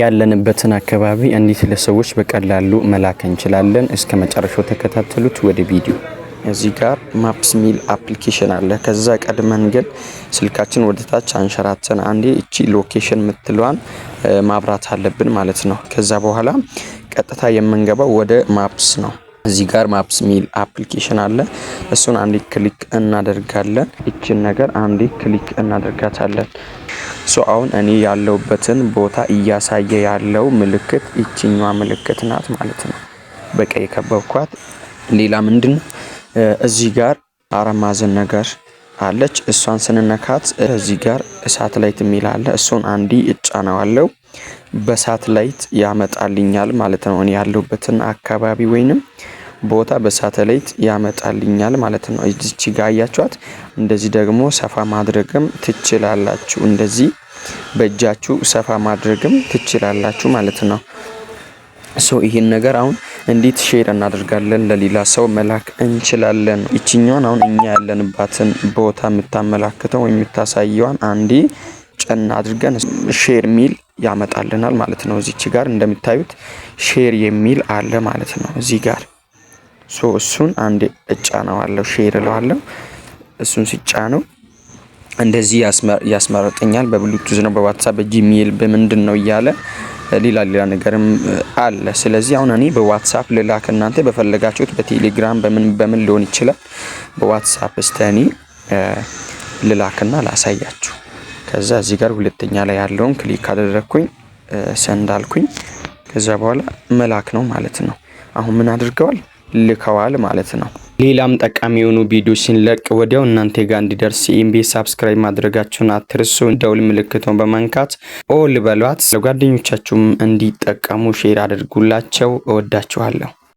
ያለንበትን አካባቢ እንዴት ለሰዎች በቀላሉ መላክ እንችላለን? እስከ መጨረሻው ተከታተሉት። ወደ ቪዲዮ እዚህ ጋር ማፕስ ሚል አፕሊኬሽን አለ። ከዛ ቀድመን ግን ስልካችን ወደ ታች አንሸራተን አንዴ እቺ ሎኬሽን ምትሏን ማብራት አለብን ማለት ነው። ከዛ በኋላ ቀጥታ የምንገባው ወደ ማፕስ ነው። እዚህ ጋር ማፕስ ሚል አፕሊኬሽን አለ። እሱን አንዴ ክሊክ እናደርጋለን። እችን ነገር አንዴ ክሊክ እናደርጋታለን። ሶ አሁን እኔ ያለውበትን ቦታ እያሳየ ያለው ምልክት ይችኛዋ ምልክት ናት ማለት ነው። በቀይ የከበብኳት ሌላ ምንድን እዚህ ጋር አረማዝን ነገር አለች። እሷን ስንነካት እዚህ ጋር ሳትላይት የሚል አለ። እሱን አንዲ እጫነዋለሁ በሳትላይት ያመጣልኛል ማለት ነው። እኔ ያለሁበትን አካባቢ ወይንም ቦታ በሳተላይት ያመጣልኛል ማለት ነው። እዚች ጋ አያችኋት። እንደዚህ ደግሞ ሰፋ ማድረግም ትችላላችሁ እንደዚህ በእጃችሁ ሰፋ ማድረግም ትችላላችሁ ማለት ነው። ሶ ይህን ነገር አሁን እንዴት ሼር እናደርጋለን ለሌላ ሰው መላክ እንችላለን? ይችኛዋን አሁን እኛ ያለንባትን ቦታ የምታመላክተው ወይም የምታሳየዋን አንዴ ጨን አድርገን ሼር ሚል ያመጣልናል ማለት ነው። እዚች ጋር እንደምታዩት ሼር የሚል አለ ማለት ነው። እዚህ ጋር ሶ እሱን አንዴ እጫነዋለሁ፣ ሼር እለዋለሁ። እሱን ሲጫነው እንደዚህ ያስመረጠኛል፣ በብሉቱዝ ነው፣ በዋትሳፕ በጂሜል በምንድን ነው እያለ ሌላ ሌላ ነገርም አለ። ስለዚህ አሁን እኔ በዋትሳፕ ልላክ፣ እናንተ በፈለጋችሁት በቴሌግራም በምን በምን ሊሆን ይችላል። በዋትሳፕ ስተኒ እኔ ልላክና ላሳያችሁ። ከዛ እዚህ ጋር ሁለተኛ ላይ ያለውን ክሊክ አደረግኩኝ፣ ሰንዳልኩኝ። ከዛ በኋላ መላክ ነው ማለት ነው። አሁን ምን አድርገዋል? ልከዋል ማለት ነው። ሌላም ጠቃሚ የሆኑ ቪዲዮ ሲንለቅ ወዲያው እናንተ ጋር እንዲደርስ ኢምቤ ሳብስክራይብ ማድረጋችሁን አትርሱ። ደውል ምልክቱን በመንካት ኦል በሏት። ለጓደኞቻችሁም እንዲጠቀሙ ሼር አድርጉላቸው። እወዳችኋለሁ።